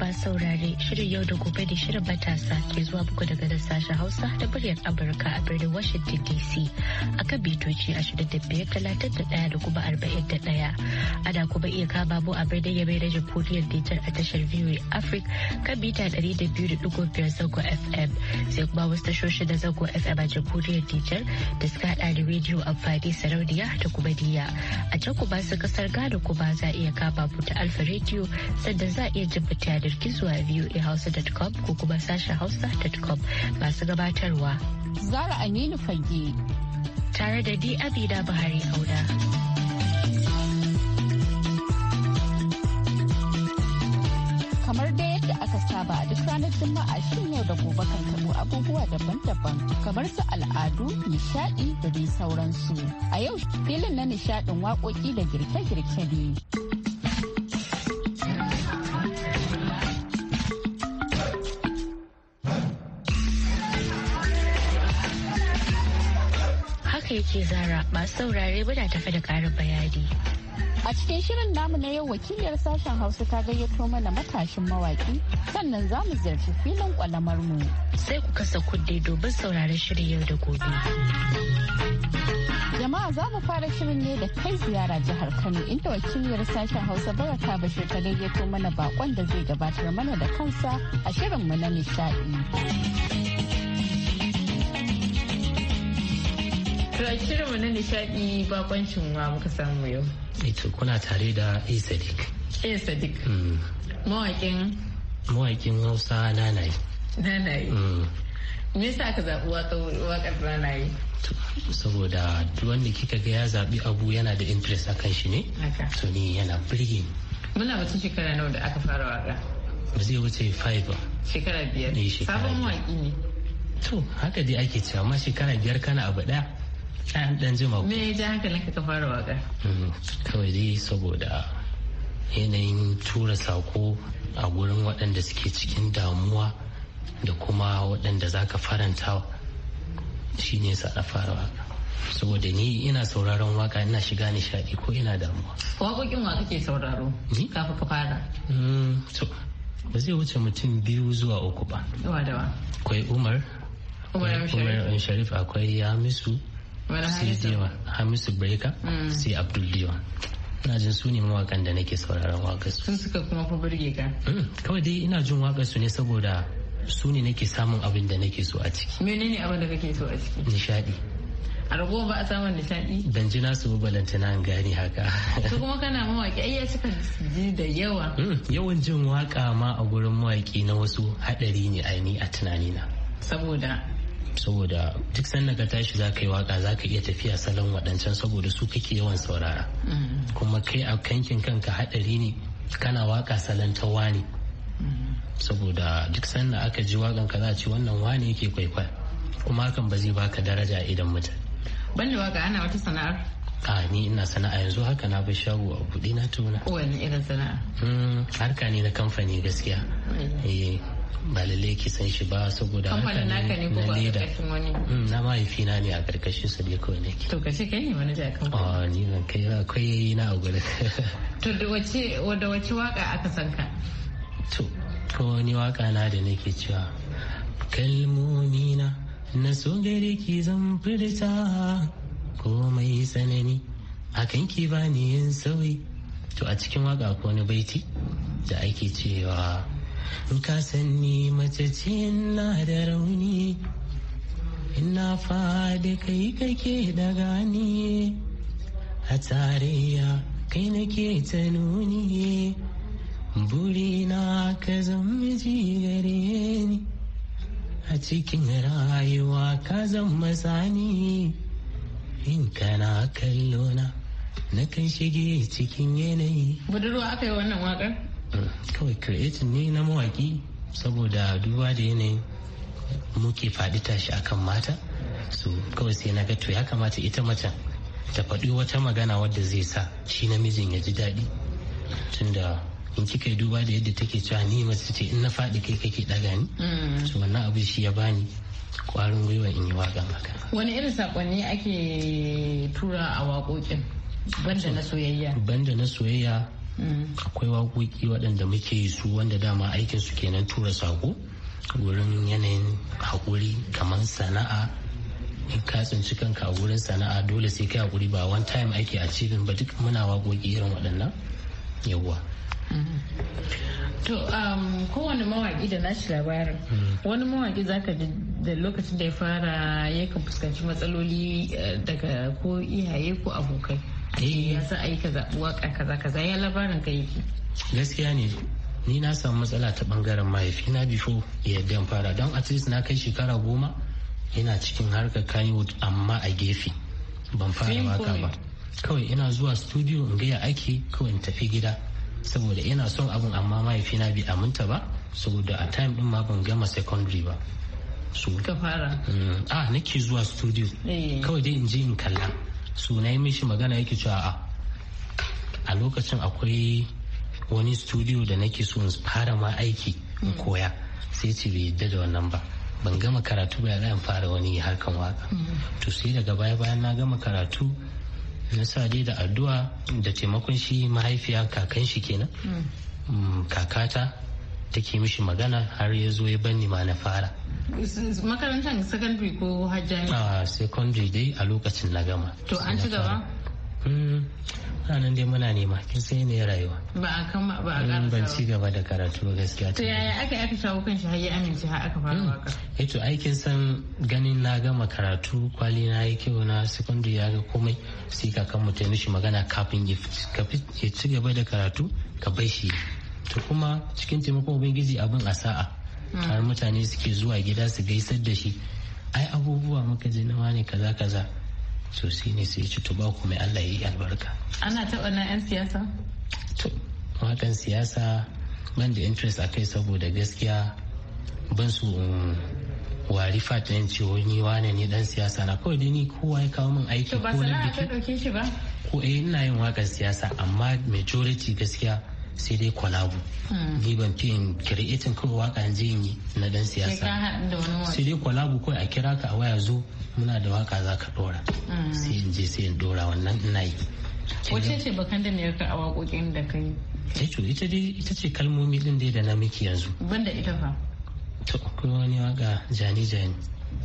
masu saurare. shirin yau da gobe da shirin matasa ke zuwa buku daga da sashen Hausa da muryar Amurka a birnin Washington DC a kan bitoci 25,31 da kuma 41. Ana kuma iya kama mu a birnin Yamai na Jamhuriyar Nijar a tashar VOA Africa kan mita 200.5 zango FM sai kuma wasu tashoshin da zango FM a Jamhuriyar Nijar da suka hada da rediyo amfani sarauniya da kuma diya. A can kuma su kasar Ghana kuma za a iya kama mu ta Alfa rediyo sannan za a iya jin mutanen gizo a VOA voahausa.com ko kuma sashen hausa.com masu gabatarwa. Zara Aminu Fage. Tare da Di Abida Buhari aka saba a duk ranar Juma'a shi yau da gobe kan tabo abubuwa daban-daban kamar su al'adu, nishaɗi da dai sauransu. A yau filin na nishaɗin waƙoƙi da girke-girke ne. gaishe ke zara masu saurare muna tafi da karin bayani. A cikin shirin namu na yau wakiliyar sashen Hausa ta gayyato mana matashin mawaki sannan za mu ziyarci filin kwalamar mu. Sai ku kasa kudde domin sauraron shirin yau da gobe. jama'a za mu fara shirin ne da kai ziyara jihar kano inda wakiliyar sashen hausa ta bashir ta gayyato mana bakon da zai gabatar mana da kansa a shirin mu na nishadi. shirinmu na nishadi bakoncin wa muka samu yau. Ito kuna tare da A e Sadiq. A e Sadiq. Mm. Mawaƙin? Mawaƙin Hausa Nanayi. Nanayi. Mm. Me yasa ka zaɓi waƙar Nanayi? Saboda duk wanda kika ga ya zaɓi abu yana da interest akan shi ne. To ni yana birgin. Muna batun shekara nawa da aka fara waƙa. Ba zai wuce five ba. Shekara biyar. Eh, Sabon mawaƙi ne. To haka dai ake cewa ma shekara biyar kana abu ɗaya. Ɗan dan jima me ya ji hankalin ka fara waka mm, kawai dai saboda yanayin tura sako a gurin waɗanda suke cikin damuwa da kuma waɗanda za ka faranta shi ne sa fara waka saboda ni ina sauraron waka ina shiga nishaɗi ko ina damuwa waƙoƙin wa kake sauraro kafin ka fara mm, ba zai wuce mutum biyu zuwa uku ba akwai umar umar sharif akwai yamisu sai dewa hamisu breaker mm. sai abdul dewa ina jin su ne mawakan da nake sauraron waƙa su sun suka kuma fa burge ka mm, kawai dai ina jin waƙa su ne saboda su ne nake samun abin da nake so a ciki menene abin da kake so a ciki nishadi a rago ba a samun nishaɗi. Ban ji nasu balanta na gani haka. Su kuma kana mawaƙi ayya ya suka ji da yawa. Mm, yawan jin waƙa ma a gurin mawaƙi na wasu haɗari ne aini a tunanina. Saboda saboda duk sanda ka tashi za ka yi waka za ka iya tafiya salon waɗancan saboda su kake yawan saurara kuma kai a kankin kanka haɗari ne kana waka salon ta wani saboda duk sanda aka ji wakan ka za a wannan wani yake kwaikwai kuma hakan ba zai baka daraja idan mutum. banda waka ana wata sana'ar a ni ina sana'a yanzu haka na bai shago a buɗe na tuna wani irin sana'a mm, harka ne na kamfani gaskiya ba lalle ki san shi ba saboda haka ne na leda mm, na mahaifina ne a karkashin su ne kawai nake to ka kai ne wani jakan a ni zan kai ba akwai na a gurin to da wace wace waka aka san ka to ko ni waka na da nake cewa kalmomi na na so gare ki zan furta komai sanani kan ki bani yin sauyi to a cikin waka ko wani baiti da ake cewa ka sanni mace ce na da rauni ina da kai kake da gani a tarayya kai nake ta nuni burina ka zan miji gare ni a cikin rayuwa ka zan masani in kana kallona na kan shige cikin yanayi budurwa aka yi wannan wakar kawai creating ne na mawaki saboda duba da yanayin muke faɗi tashi akan mata so kawai sai na ga to ya kamata ita macen ta faɗi wata magana wadda zai sa shi namijin ya ji daɗi tunda in kika duba da yadda take cewa ni mace ce in na faɗi kai kake ɗaga ni mm. so wannan abu shi ya bani kwarin gwiwa in yi waka maka wani irin saƙonni ake tura a waƙoƙin banda na banda na soyayya akwai waƙoƙi waɗanda muke yi su wanda dama aikin su kenan tura sako wurin yanayin hakuri kamar sana'a in ka tsinci kanka a wurin sana'a dole sai kai hakuri ba one time ake a cikin ba duk muna wakoki irin waɗannan yawwa To um, kowane mawaƙi da nashi labarin mm. wani mawaƙi zaka ji da lokacin da ya fara yakan fuskanci matsaloli eh, daga ko iyaye ko abokai Eh, ya za a yi waka kaza kaza ya labarin ka yake gaskiya ne ni na samu matsala ta bangaren mahaifina bifo ya fara don at na kai shekara goma ina cikin harkar kanywood amma a gefe ban fara waka ba kawai ina zuwa studio in gaya ake kawai in tafi gida saboda ina son abin amma mahaifina bai aminta ba saboda a time din ma ban gama secondary ba su ka fara mm, a ah, nake zuwa studio eh. kawai dai in je in kalla su na yi mishi magana yake cewa a a lokacin akwai wani studio da nake so in fara ma aiki in hmm. koya sai ce bai yadda da wannan ba ban gama karatu ba zan fara wani harkan waka hmm. to sai daga baya bayan na gama karatu na sa dai da addu'a da taimakon shi mahaifiya kakan shi kenan hmm. mm, kakata take mishi magana har ya zo ya banni ma na fara makarantar secondary ko hajjami a ah, secondary dai a lokacin na gama to an ci gaba hmm, nan dai muna nema kin sai ne rayuwa ba a kama ba a karanta hmm, ban ci gaba da karatu gaskiya to yaya aka aka shawo kan shi har ya amince har aka fara hmm. waka eh to aikin san ganin na gama karatu kwali na yi kyau na secondary ya ga komai sai ka kan mutane shi magana kafin ya ci gaba da karatu ka bai shi to kuma cikin taimakon ubangiji abin a sa'a har mutane suke zuwa gida su gaisar da shi ai abubuwa muka ji nawa ne kaza kaza to shi ne sai ci tuba ku mai Allah yi albarka ana taɓa na yan siyasa to wakan siyasa ban da interest a kai saboda gaskiya ban su wari fatan ce wani wane ne dan siyasa na kawai dai ni kowa ya kawo min aiki ko na biki ko eh ina yin wakan siyasa amma majority gaskiya sai dai kwalabu hmm. ni ban fi kawai waka yanzu in yi na dan siyasa sai dai kwalabu kawai a kira ka a waya zo muna da waka za ka dora hmm. sai in je sai in dora wannan ina yi wace ce bakan da ka a waƙoƙin da ka yi eh ita dai ita ce kalmomi din dai da na miki yanzu banda ita fa to wani waka jani jani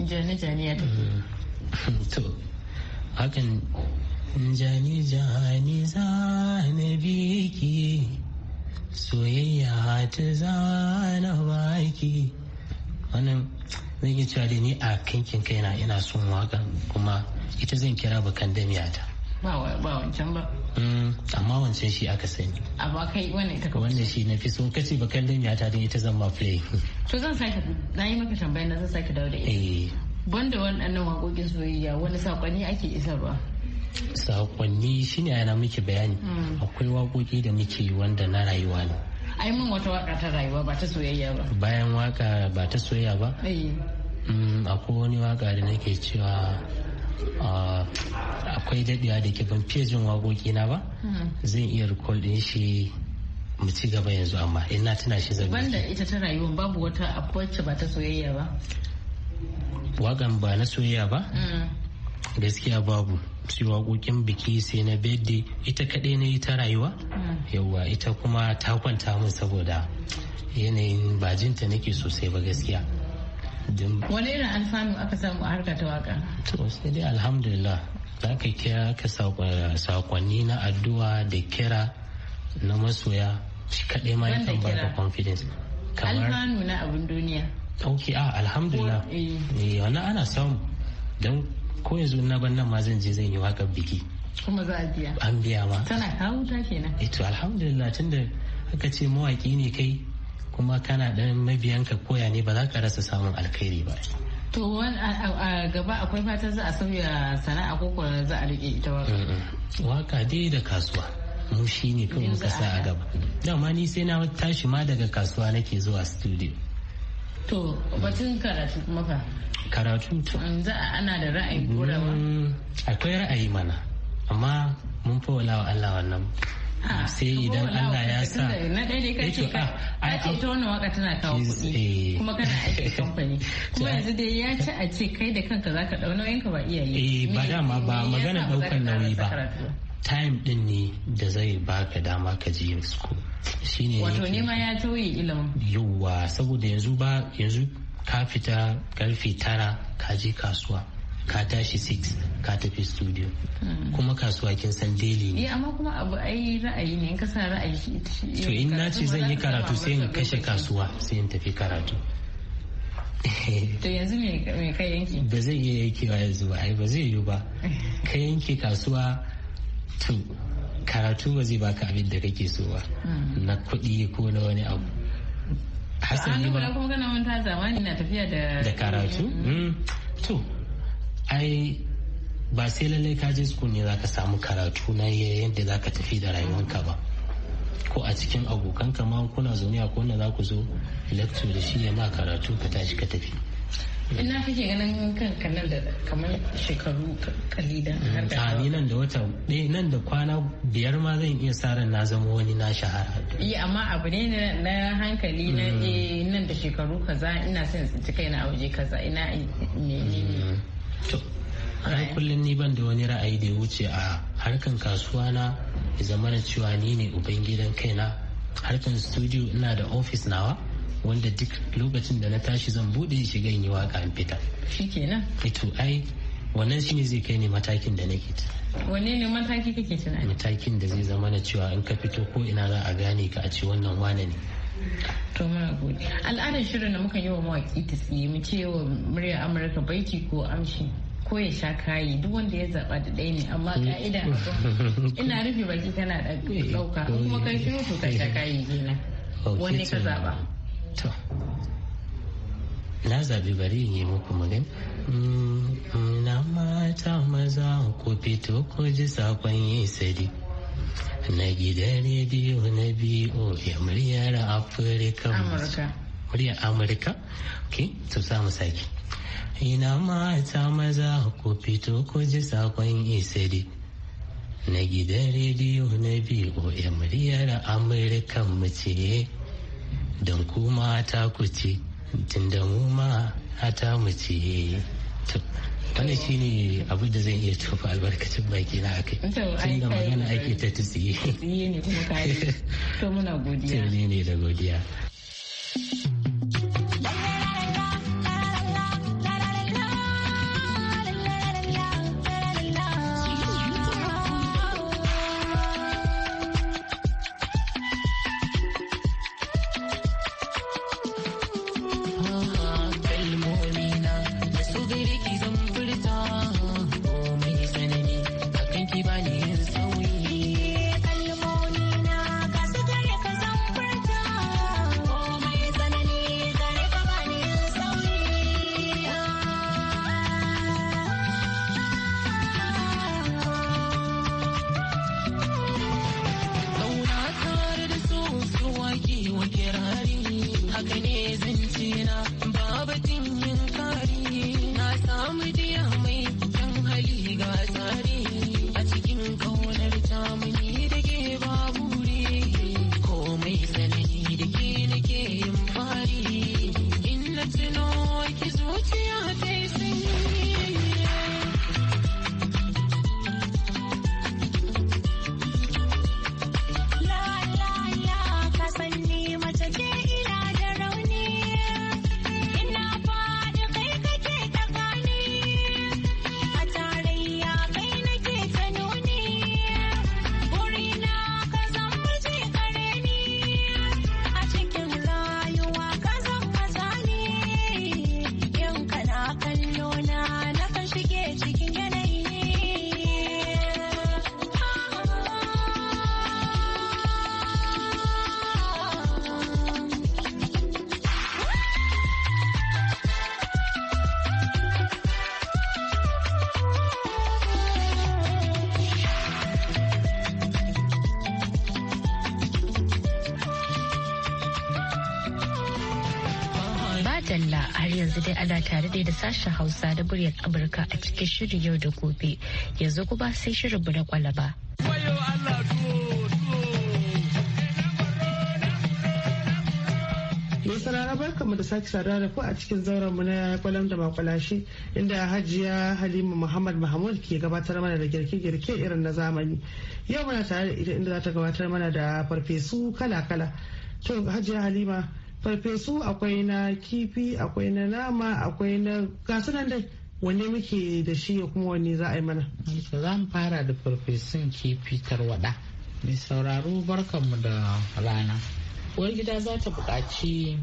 jani jani ya tafi hmm. to hakan jani jani za biki soyayya ta zana baki wannan zan yi cewa ni a kankin kaina ina son wakan kuma ita zan kira bakan ta ba wancan ba mm, amma wancan shi aka sani amma kai wannan ita wannan shi na fi so kace bakan ta don ita zan ma play to zan sake na yi maka tambayar na zan sake dawo da ita eh. banda waɗannan waƙoƙin soyayya wani saƙonni ake isarwa sakonni shine ana muke bayani hmm. akwai waƙoƙi da muke wanda na rayuwa ne ai mun wata waka ta rayuwa ba ta soyayya ba bayan waka ba ta soyayya ba eh. hmm, akwai wani waka da nake cewa ah, akwai daɗewa da ke ban fiye jin waƙoƙi na ba hmm. zan iya rikodin shi mu ci gaba yanzu amma in eh, na tuna shi zabi banda ita ta rayuwa babu wata abuwacce ba ta soyayya ba wagan ba na soyayya ba gaskiya babu shi waƙoƙin biki sai na birthday ita kaɗai na yi ta rayuwa hmm. yawa ita kuma ta kwanta min saboda yanayin bajinta nake sosai ba gaskiya wani irin alfanu aka samu a harkar ta waka to sai dai alhamdulillah za ka kira ka saƙonni na addu'a da kira na masoya shi kaɗai ma yakan ba ka confidence alfanu na abin duniya ok a alhamdulillah eh. eh, wani ana samu don ko yanzu na ban nan ma zan je zan yi wakar biki kuma za a biya an biya ma tana kawo ta kenan eh to alhamdulillah tunda aka ce mawaki ne kai kuma kana dan mabiyanka koya ne ba za ka rasa samun alkhairi ba to a gaba akwai fata za a sauya sana'a ko za a rike ita waka waka dai da kasuwa mu ne kawai muka sa a gaba dama ni sai na tashi ma daga kasuwa nake zuwa studio To, batun karatu kuma fa. Karatu to. Mm, za a ana da ra'ayi korawa? Mm, akwai ra'ayi mana, amma mun fi wala wa Allah wannan. Ah, sai idan Allah ya sa na ɗaya dai kace ka eh A ah, ah, ce ta wannan waka tana kawo kuɗi eh. kuma kana aiki kamfani kuma yanzu dai ya ci a ce kai da kanka zaka ɗau nauyin ba iyaye eh ba dama ba magana ɗaukan nauyi ba time din ne da zai baka dama ka je school shine wato nema ya tauye ilimin Yawwa saboda yanzu ba yanzu ka fita karfe tara ka je kasuwa ka tashi 6 ka tafi studio hmm. kuma kasuwa kin san daily ne eh, amma kuma abu ai ra'ayi ne in ka sa ra'ayi shi to in na ce zan yi karatu sai in kashe kasuwa sai in tafi karatu to yanzu me kai yanki ba zai iya yankewa yanzu ba ai ba zai yiwu ba ka yanke kasuwa to karatu ba zai baka abin da kake so ba hmm. na kuɗi ko na wani abu hasali ba kuma kana wanta zamani na tafiya da da karatu hmm. Hmm. to ai ba sai lallai ka je school ne zaka samu karatu na yadda zaka tafi da rayuwanka ba ko a cikin abokan ma kuna zaune a kona za ku zo lecture da shi ya ma karatu ka tashi ka tafi ina kake ganin kanka nan da kamar shekaru kalida mm-hmm. a ni nan da wata nan da kwana biyar ma zan iya sa na zama wani na shahara iya amma abu ne na hankali na mm-hmm. eh, nan da shekaru kaza ina son tsinci na a waje kaza ina ne mm-hmm. to har kullum ni ban da wani ra'ayi da ya wuce a harkan kasuwa na ya zamana cewa ni ne ubangidan kaina harkan studio ina da ofis nawa wanda duk lokacin da na tashi zan bude shiga in yi waka in fita shikenan fito eh ai wannan shine zai kai ne matakin da nake wanne ne mataki kake tunani matakin da zai zama na cewa in ka fito ko ina za a gane ka a ce wannan wane ne to ma gode al'adar shirin da muka yi wa mawaki ta tsiye mu ce wa murya amurka baiti ko amshi ko ya sha kayi duk wanda ya zaba da ɗaya ne amma ka'ida ina rufe baki kana ɗauka kuma kai shiru to ka sha kayi kenan wanne ka zaba to na zabi bari in yi muku magani. Mm, mm, na mata maza ku fito ku ji sakon yi sadi na gida rediyo na biyu ya muryar afirka muryar amurka ok to za mu sake ina mata maza ku fito ku ji sakon yi sadi. na gidan rediyo na biyu ya muryar amurka mu ce don kuma ta ku tun tunda mu ma ta mu wani wannan shi ne abu da zan iya tofa albarkacin baki na akai tun da magana ake ta tutsi tsiye ne kuma kare to muna godiya ne da godiya Allah har yanzu dai ana tare da da sashen Hausa da muryar Amurka a cikin shirin yau da gobe yanzu kuma sai shirin na kwalaba. masarara barka mu da sake sadar da ku a cikin zauren mu na kwalam da makwalashi inda hajiya halima muhammad mahmud ke gabatar mana da girke-girke irin na zamani yau muna tare da ita inda za ta gabatar mana da farfesu kala-kala to hajiya halima farfesu akwai na kifi akwai na nama akwai na gasu nan dai wanne muke da shi ya kuma wanne za a yi mana za mu fara da farfesun kifi tarwada mai sauraro barkanmu da rana uwar gida za ta buƙaci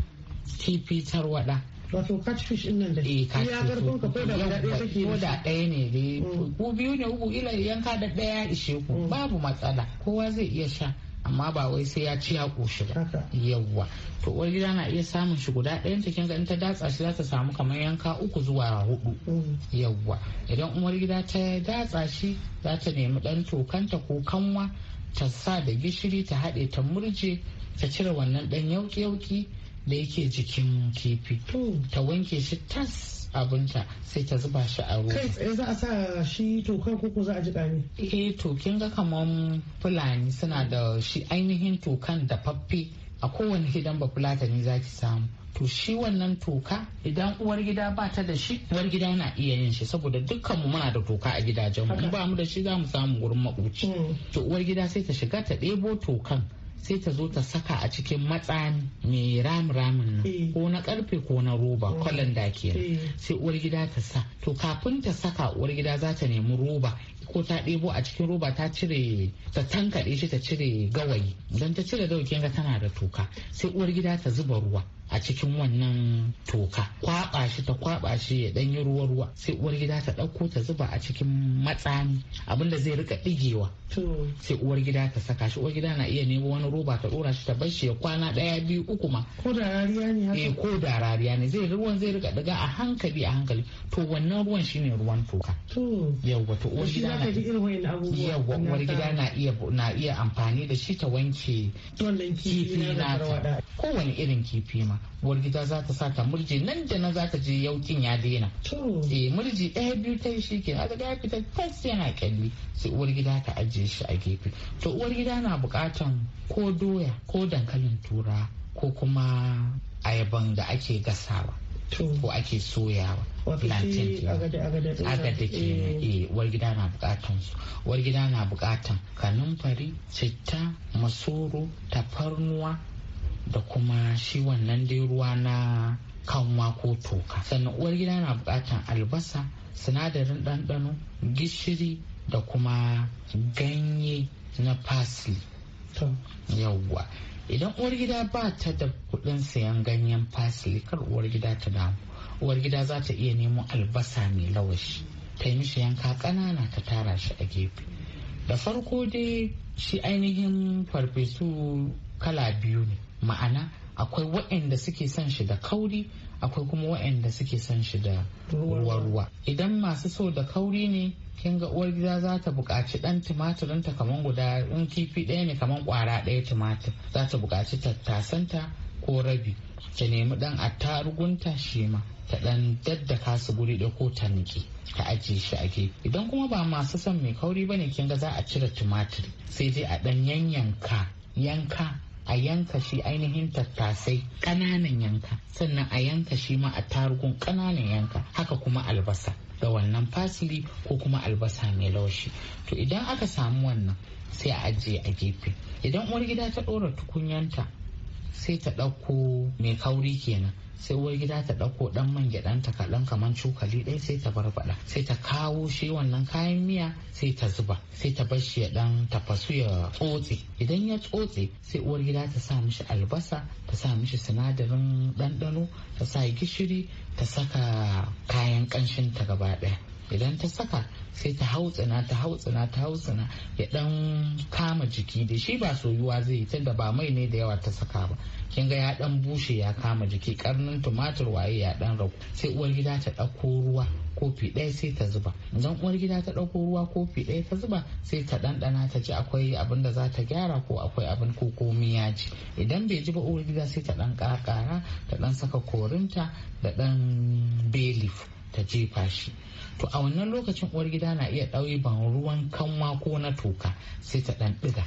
kifi tarwada wato catfish din nan da ya garkon ka kai da ɗaya take ko da ɗaya ne dai mm. ku biyu ne uku ila yanka da ɗaya ishe ku mm. babu matsala kowa zai iya sha amma ba wai sai ya ci ya koshi ba yawwa to uwargida gida na iya samun shi guda ɗayan ta ga in ta datsa shi za ta samu kamar yanka uku zuwa hudu mm. yawwa idan uwar gida ta datsa shi za ta nemi ɗan tokanta ko kanwa ta sa da gishiri ta haɗe ta murje ta cire wannan ɗan yauki-yauki da yake jikin kifi mm. ta wanke shi tas abinta sai ta zuba shi a ruwa. Kai tsaye za a sa shi tokan ko za a jiƙa ne? Eh to kin ga kaman Fulani suna da shi ainihin tokan da faffe a kowane gidan bafulatani za ki samu. to shi wannan toka idan uwar gida ba ta da shi uwar gida na iya yin shi saboda dukkanmu muna da toka a gidajenmu in ba mu da shi za mu samu wurin makoci mm. to uwar gida sai ta shiga ta ɗebo tokan sai ta zo ta saka a cikin matsan mai ram ramin nan eh. ko na karfe ko na roba kwallon da ke sai uwar gida ta sa to kafin ta saka uwar gida za ta nemi roba ko ta ɗebo a cikin roba ta cire ta tankaɗe shi ta cire gawayi don ta cire gawayi kinga tana da toka sai uwar gida ta zuba ruwa a cikin wannan toka kwaba shi ta kwaba shi ya dan yi ruwa ruwa sai uwar gida ta dauko ta zuba a cikin matsami abinda zai rika digewa sai uwar gida ta saka shi uwar gida na iya nemo wani roba ta dora shi ta bar shi ya kwana daya biyu uku ma ko da rariya ne eh ko da rariya ne zai ruwan zai rika daga a hankali a hankali to wannan ruwan shine ruwan toka to yawa to uwar gida na yawa uwar gida na iya na iya amfani da shi ta wanke kifi na kowane irin kifi ma uwargida uwar gida za ta saka murji nan da nan za ta je yauƙin ya daina eh murji ɗaya biyu ta yi shike a daga ya fita tas yana kyalli sai uwar gida ta ajiye shi a gefe to uwar gida na bukatan ko doya ko dankalin tura ko kuma ayaban da ake gasawa ko ake soyawa plantain agada agade. eh, eh uwar gida na bukatan su uwar na bukatan kanumfari citta masoro tafarnuwa da kuma shi wannan dai ruwa na kanwa ko toka sannan uwar gida na bukatar albasa sinadarin ɗanɗano gishiri da kuma ganye na parsley yawwa idan uwar gida ba ta da kudin sayan ganyen parsley kar uwar gida ta damu uwar gida za ta iya nemo albasa mai lawashi ta yi mishi yanka ƙanana ta tara shi a gefe da farko dai shi ainihin farfesu kala biyu ne ma'ana akwai wa'anda suke son shi da kauri akwai kuma wa'anda suke son shi da ruwa-ruwa idan masu so da kauri ne kin ga uwar gida za ta buƙaci ɗan ta kamar guda in kifi ɗaya ne kamar ƙwara ɗaya tumatir za ta buƙaci tattasanta ko rabi ta nemi ɗan attarugunta shi ma ta ɗan daddaka su guri ɗaya ko ta niƙi ta ajiye shi a gefe idan kuma ba masu son mai kauri ba ne kin ga za a cire tumatir sai dai a ɗan yanyanka yanka a yanka shi ainihin tattasai ƙananan yanka sannan a yanka shi ma a tarugun ƙananan yanka haka kuma albasa da wannan fasili ko kuma albasa mai laushi to idan aka samu wannan sai a ajiye a gefe idan uwar gida ta ɗora tukunyanta sai ta ɗauko mai kauri kenan sai wai gida ta ɗauko ɗan man ta kaɗan kamar cokali ɗaya sai ta barbaɗa sai ta kawo shi wannan kayan miya sai ta zuba sai ta bar shi ya ɗan tafasu ya tsotse idan ya tsotse sai uwar gida ta sa mishi albasa ta sa mishi sinadarin ɗanɗano ta sa gishiri ta saka kayan ƙanshin ta gaba ɗaya idan ta saka sai ta hautsina ta hautsina ta hautsina ya dan kama jiki da shi ba soyuwa zai ta da ba mai ne da yawa ta saka ba kin ga ya dan bushe ya kama jiki karnin tumatur waye ya dan rabu sai uwar gida ta dauko ruwa kofi ɗaya sai ta zuba idan uwar gida ta dauko ruwa kofi ɗaya ta zuba sai ta ɗanɗana ta ji akwai abin da za ta gyara ko akwai abin ko komi ya ji idan bai ji ba uwar gida sai ta ɗan ƙaƙara ta ɗan saka korinta da ɗan belif ta jefa shi to a wannan lokacin uwar gida na iya ɗauye ban ruwan kanwa ko na toka sai ta ɗan ɗiga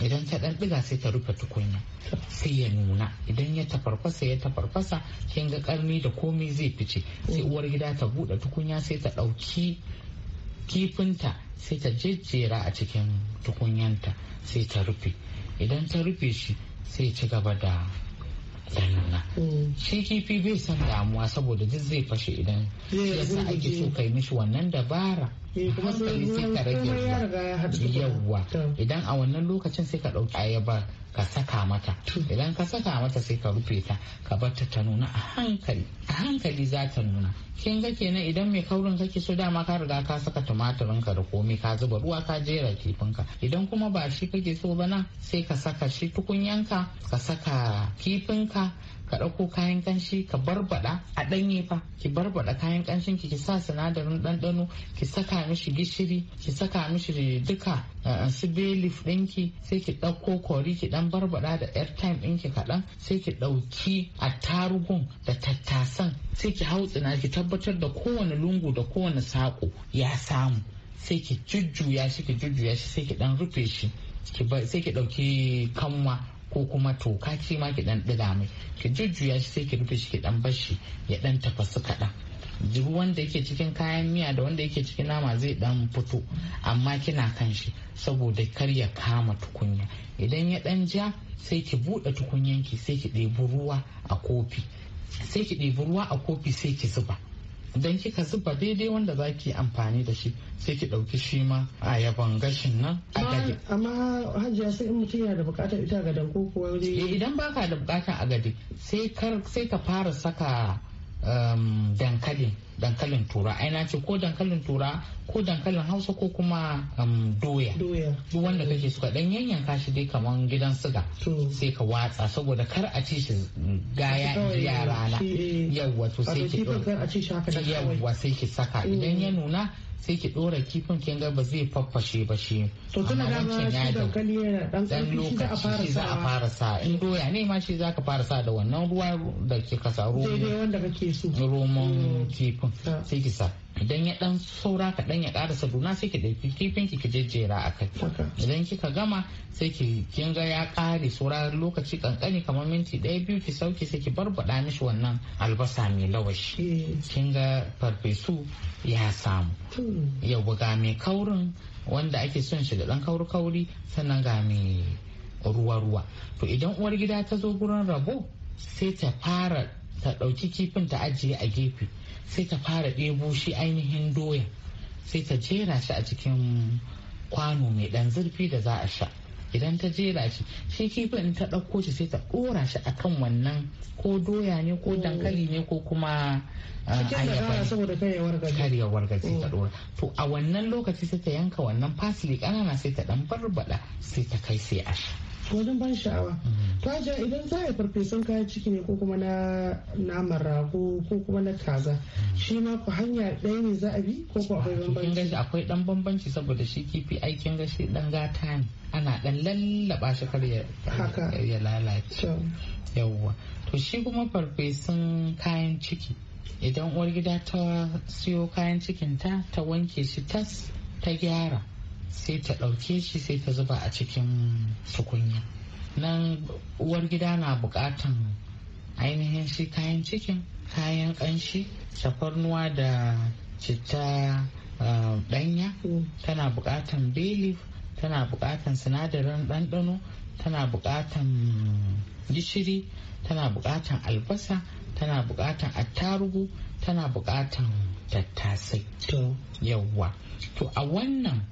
idan ta ɗan ɗiga sai ta rufe tukunya sai ya nuna idan ya tafarfasa ya tafarfasa kin ga karni da komai zai fice sai uwar gida ta buɗe tukunya sai ta ɗauki kifinta sai ta jejjera a cikin tukunyanta sai ta rufe idan ta rufe shi sai ci gaba da ya mm. shi kifi bai san damuwa saboda duk zai fashe idan yasa ake so kai mishi wannan dabara kuma sai ka rage yawa idan a wannan lokacin sai ka ɗauki ayaba ka saka mata idan ka saka mata sai ka rufe ta ka bar ta nuna a hankali a hankali za ta nuna kin ga kenan idan mai kaurin kake so dama ka riga ka saka tumatirin ka da komai ka zuba ruwa ka jera kifin ka idan kuma ba shi kake so ba na sai ka saka shi tukunyanka ka saka kifin ka ka ɗauko kayan kanshi ka barbada a ɗanye fa ki barbada kayan kanshin ki ki sa sinadarin ɗanɗano ki saka mishi gishiri ki saka mishi duka su belif ɗinki sai ki ɗauko kori ki ɗan barbaɗa da airtime ɗinki kaɗan sai ki ɗauki attarugun da tattasan sai ki hautsina ki tabbatar da kowane lungu da kowane saƙo ya samu sai ki jujjuya shi ki jujjuya shi sai ki ɗan rufe shi sai ki ɗauki kanwa ko kuma toka ki ma ki dan diga mai ki jujjuya shi sai ki rufe shi ki dan bashi ya ɗan tafasu kaɗan duk wanda yake cikin kayan miya da wanda yake cikin nama zai dan fito amma kina kan shi saboda kar ya kama tukunya idan ya dan ja sai ki buɗe tukunyanki sai ki ɗebi ruwa a kofi sai ki ɗebi ruwa a kofi sai ki zuba idan kika zuba daidai wanda za ki amfani da shi sai ki ɗauki shi ma a yaban gashin nan a gade. Amma hajiya sai in mutum yana da bukatar ita ga ko kuwa eh, idan baka da bukatar a gade sai ka fara saka Um, dankalin dankalin tura ina ce ko dankalin tura ko dankalin hausa ko kuma um, doya duk wanda kake suka dan yanyanka shi dai kaman gidan siga sai ka watsa saboda kar a ci shi gaya ya rana eh. sai ki yawwa sai ki saka idan ya nuna sai ki dora kifin kin ga ba zai faffashe ba shi to tana da ma da dankali yana eh, dan lokaci za a fara sa in doya ne ma shi za ka fara sa da wannan ruwa da kika sa romon mm. kifin sai ki sa idan ya dan saura kaɗan ya karasa saduna sai ki ɗauki kifin ki jejjera a kai idan kika gama sai ki kin ya ƙare saura lokaci kankani kamar minti ɗaya biyu ki sauki sai ki barbaɗa mishi wannan albasa mai lawashi kin ga farfesu ya samu hmm. ya buga mai kaurin wanda ake son shi da ɗan kauri kauri sannan ga mai ruwa ruwa to idan uwar gida ta zo gurin rabo sai ta fara ta ɗauki kifin ta ajiye a gefe sai ta fara ɗebo shi ainihin doya sai ta jera shi a cikin kwano mai ɗan zurfi da za a sha idan ta jera shi shi kifin in ta ɗauko shi sai ta ɗora shi a kan wannan ko doya ne ko dankali ne ko kuma ah, saboda ta oh. ɗora to a wannan lokaci sai ta yanka wannan fasili ƙanana sai ta ɗan barbaɗa sai ta kai sai a sha wajen ban sha'awa taja idan za a farfesun kayan ciki ne ko kuma na naman rago ko kuma na kaza shi ma ku hanya ɗaya ne za a bi ko ku akwai bambanci akwai dan bambanci saboda shi kifi aikin gashi dan gata ne ana dan lallaba shi kar ya lalace yawwa to shi kuma farfesun kayan ciki idan uwar gida ta siyo kayan cikin ta ta wanke shi tas ta gyara sai ta ɗauke shi sai ta zuba a cikin tukunya nan uwar gida na buƙatan ainihin shi kayan cikin kayan ƙanshi tafarnuwa da citta ah, ɗanya tana buƙatan belief tana buƙatan sinadarin ɗanɗano tana buƙatan gishiri tana buƙatan albasa tana buƙatan attarugu tana buƙatan tattasai yawwa to a wannan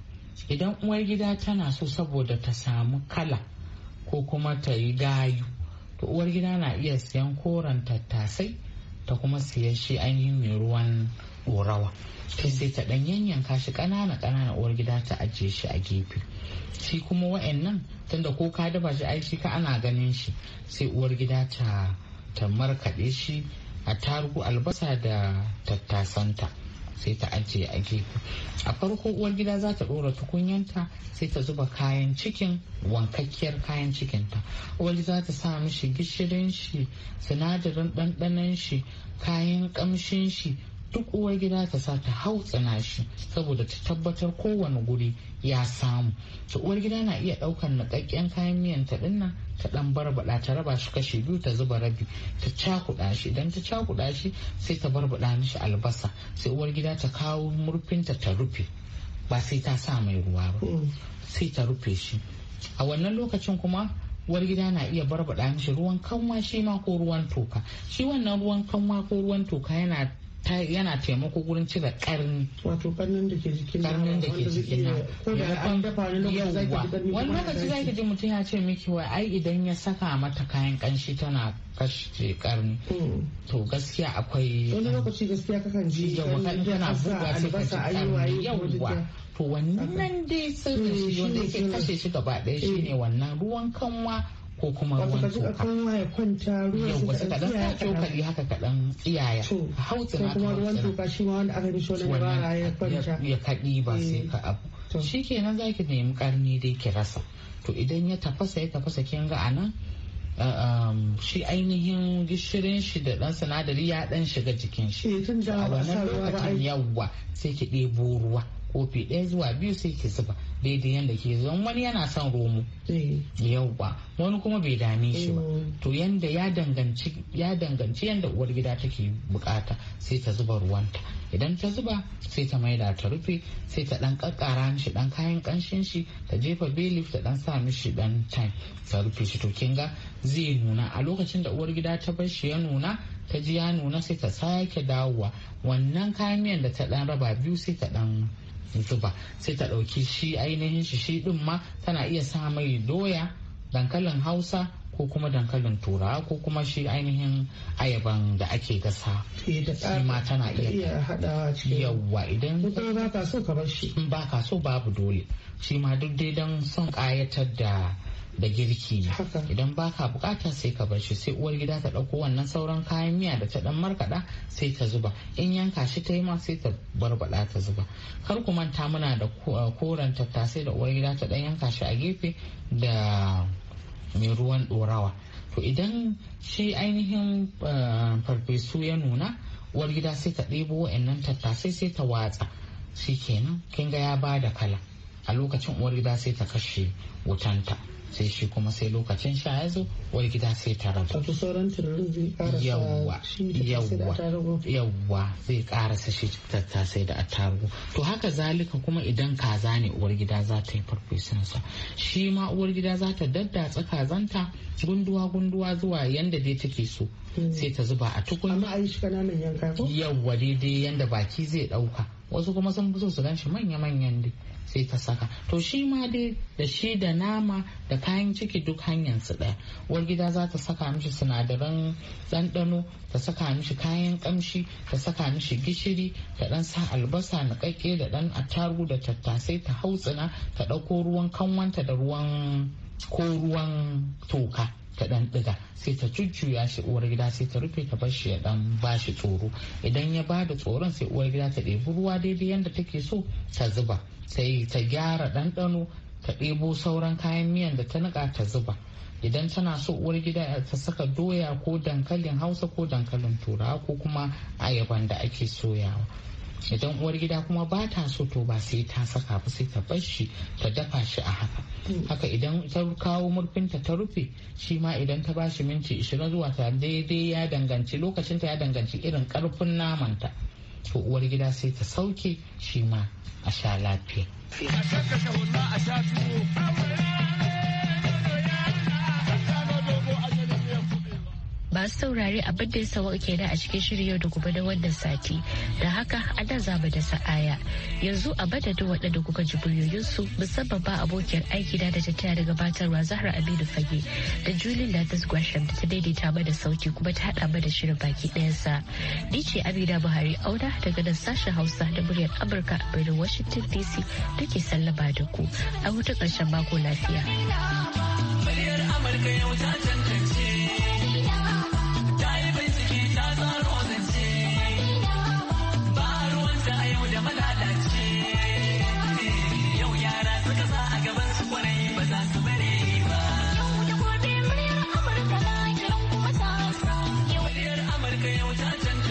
idan uwar gida tana so saboda ta samu kala ko kuma ta yi gayu to uwar gida na iya siyan koren tattasai ta kuma siyan shi ainihin mai ruwan ɗorawa sai ta ɗan yanyanka shi ƙanana ƙanana uwar gida ta ajiye shi a gefe shi kuma wa'annan tunda ko ka dafa shi ai ka ana ganin shi sai uwar gida ta ta markaɗe shi a tarugu albasa da tattasanta sai ta ajiye a gefe a farko uwar gida za ta dora tukunyanta sai ta zuba kayan cikin wankakkiyar kayan cikinta uwar za ta sa mishi gishirin shi sinadarin ɗanɗanon shi kayan ƙamshin shi duk uwar gida ta sa ta hau tsina shi saboda ta tabbatar kowane guri ya samu to uwar gida na iya daukar nakakken kayan miyan ta dinnan ta dan barbada ta raba shi kashi biyu ta zuba rabi ta cakuda shi idan ta cakuɗa shi sai ta barbada mishi albasa sai uwar gida ta kawo murfinta ta rufe ba sai ta sa mai ruwa ba mm. sai ta rufe shi a wannan lokacin kuma uwar gida na iya barbada mishi ruwan kanwa shi ma ko ruwan toka shi wannan ruwan kanwa ko ruwan toka yana yana taimako gurin cire karni wato karnin da ke jikin karnin da ke jikin nan wani lokaci za ji mutum ya ce miki wai ai idan ya saka mata kayan kanshi tana kashe karni hmm. to gaskiya akwai wani lokaci gaskiya kakan ji tana buga sai ka ji karni yawwa to wannan dai sirrin hmm, shi wanda ke kashe shi gaba ɗaya shine eh. wannan ruwan kanwa ko kuma ruwan toka yau wasu kaɗan sa cokali haka kaɗan tsiyaya hautsi haka kuma ruwan toka shi ma wanda aka bi shi wani ya kwanta ya kaɗi ba sai eh, ka abu shi kenan za ki nemi karni dai ki rasa to idan ya tafasa ya tafasa kin ga anan shi ainihin gishirin shi da dan sinadari ya ɗan shiga jikin shi eh, a wannan lokacin yawwa sai ki ɗebo ruwa kofi ɗaya zuwa biyu sai ki zuba daidai yadda ke zuwa wani yana son romo ba eh. wani kuma bai dame shi ba eh. to yanda ya danganci ya danganci yanda uwar gida take bukata sai ta zuba ruwanta idan ta zuba sai ta maida ta rufe sai ta dan kakkara mishi dan kayan kanshin shi ta jefa belif ta dan sa mishi dan time ta rufe shi to kin ga zai nuna a lokacin da uwar gida ta bar shi ya nuna ta ji ya nuna sai ta sake dawowa wannan kayan miyan da ta dan raba biyu sai ta dan zuba sai ta ɗauki shi ainihin shi shi ɗin ma tana iya sa mai doya dankalin hausa ko kuma dankalin turawa ko kuma shi ainihin ayaban da ake gasa eh, shi ma tana iya hada cikin yawwa idan ba ka so ka ba babu dole shi ma duk dai don son ƙayatar da da girki ne idan baka bukata sai ka bar shi sai uwar gida ta dauko wannan sauran kayan miya da ta dan markada sai ta zuba in yanka shi ta yi ma sai ta barbada ta zuba kar ku manta muna da eh, koren tattasai da uwar gida ta dan yanka shi a gefe da mai ruwan dorawa to idan shi ainihin eh, farfesu ya nuna uwar gida sai ta ɗebo wa'annan tattasai sai ta watsa shi kenan kin ga ya bada kala a lokacin uwar gida sai ta kashe wutanta sai shi kuma sai lokacin sha ya zo wani gida sai ta rabu Tafi sauran tunanin zai karasa yawwa yawwa yawwa zai karasa shi tattasai da attarugu to haka zalika kuma idan kaza ne uwar gida za ta yi farfesun sa shi ma uwar gida za ta daddatsa kazanta gunduwa gunduwa zuwa yanda dai take so hmm. sai ta zuba a tukunya amma ayi shi kananan yanka ko yawwa daidai yanda baki zai ɗauka wasu kuma sun fi so su gan shi manya-manyan dai sai ka saka to shi ma dai da shi da nama da kayan ciki duk hanyar su ɗaya uwar gida za ta saka mishi sinadaran ɗanɗano ta saka mishi kayan ƙamshi ta saka mishi gishiri ta ɗan sa albasa niƙaƙƙe da ɗan attarugu da tattasai ta hau tsina ta ɗauko ruwan kanwanta da ruwan ko ruwan toka ta ɗan ɗiga sai ta jujjuya shi uwar gida sai ta rufe ta bar shi ya dan bashi tsoro idan ya ba da tsoron sai uwar gida ta ɗebi ruwa daidai yadda take so ta zuba sai ta gyara ɗanɗano ta ɗebo sauran kayan miyan da ta niƙa ta zuba idan tana so uwar gida ta saka doya ko dankalin hausa ko dankalin turawa ko kuma ayaban da ake soyawa idan uwar gida kuma ba ta so to ba sai ta saka ba sai ta bar shi ta dafa shi a haka haka idan ta kawo murfinta ta rufe shi ma idan ta bashi minti 20 zuwa ta daidai ya danganci lokacinta ya danganci irin karfin namanta to uwar gida sai ta sauke shi ma a sha lafiya. A sha kashe a sha tuwo. ba saurare abin da ya sawa da a cikin shirin yau da gobe da wannan sati da haka a da za mu da sa'aya yanzu a badadin waɗanda kuka ji su musamman ba abokiyar aiki da ta taya da gabatarwa zahra aminu fage da julin latas gwasham da ta daidaita mana sauti kuma ta haɗa mana shirin baki ɗayansa ni ce amina buhari auna daga nan sashen hausa da muryar amurka a birnin washington dc da ke sallaba da ku a hutun ƙarshen mako lafiya. Muryar Amurka yau ta